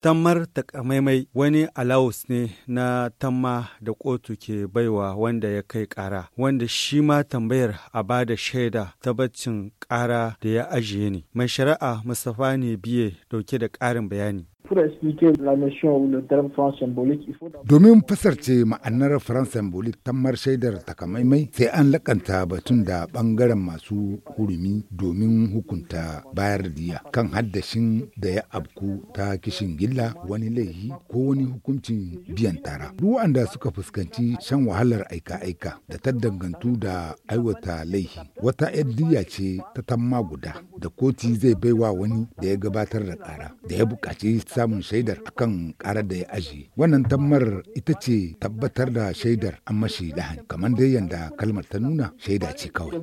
Tammar takamaimai wani alawus ne na tamma da kotu ke baiwa wanda ya kai ƙara, wanda shi ma tambayar a ba da shaida tabbacin ƙara da ya ajiye ne. Mai shari'a Mustapha ne biye dauke da ƙarin bayani. Domin fasarce ma'anar France ta mar shaidar takamaimai sai an lakanta batun da bangaren masu hurumi domin hukunta bayar diya kan haddashin da ya abku ta kishin gilla wani laihi ko wani hukuncin biyan tara. Duk waɗanda suka fuskanci shan wahalar aika-aika da ta dangantu da aiwata laihi wata diya ce ta tamma guda da koti zai baiwa wani da ya gabatar da kara da ya bukaci samun shaidar akan karar da ya aji wannan tammar ita ce tabbatar da shaidar an mashi lahani kamar dai yadda kalmar ta nuna shaida ce kawai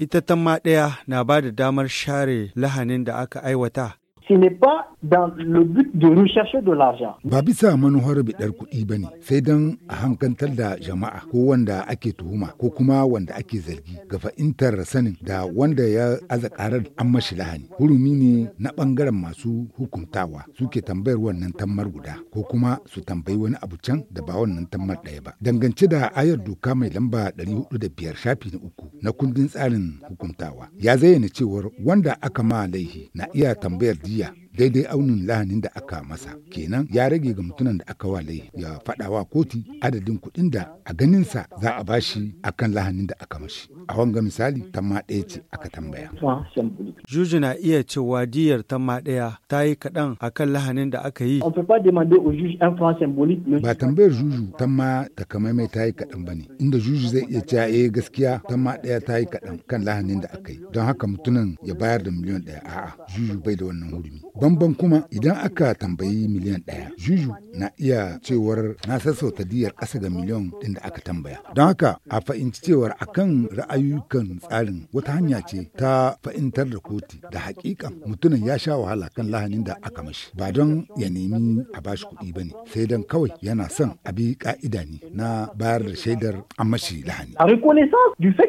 ita tamma ɗaya na ba da damar share lahanin da aka aiwata ce n'est pas dans le but de rechercher de l'argent. Ba bisa manuhar bidar kuɗi ba ne, sai don a hankantar da jama'a ko wanda ake tuhuma ko kuma wanda ake zargi ga fa'intar sanin da wanda ya aza karar an mashi lahani. Hurumi ne na ɓangaren masu hukuntawa suke tambayar wannan tammar guda ko kuma su tambayi wani abu can da ba wannan tammar ɗaya ba. Dangance da ayar doka mai lamba 405 shafi na uku na kundin tsarin hukuntawa ya zayyana cewar wanda aka ma laihi na iya tambayar diya daidai aunin lahanin da aka masa kenan ya rage ga mutumin da aka wa ya fada wa koti adadin kuɗin da a ganinsa za a bashi akan lahanin da aka mashi a wanga misali tamma ɗaya ce aka tambaya. Juju na iya cewa diyar tamma ɗaya ta yi kaɗan akan lahanin da aka yi. Ba tambayar juju tamma takamaimai ta yi kaɗan ba ne inda juju zai iya cewa eh gaskiya tamma ɗaya ta yi kaɗan kan lahanin da aka yi don haka mutunan ya bayar da miliyon ɗaya a'a juju bai da wannan hurumi. Bamban kuma idan aka tambayi miliyan ɗaya, juju na iya cewar na sassauta diyar ƙasa ga miliyan ɗin da aka tambaya. Don haka a fahimci cewar akan ra'ayukan tsarin wata hanya ce ta fahimtar da koti da hakikan mutumin ya sha wahala kan lahanin da aka mashi. Ba don ya nemi a bashi kuɗi ba ne, sai don kawai yana son a bi ƙa'ida ne na bayar da shaidar an mashi lahani. A reconnaissance du fait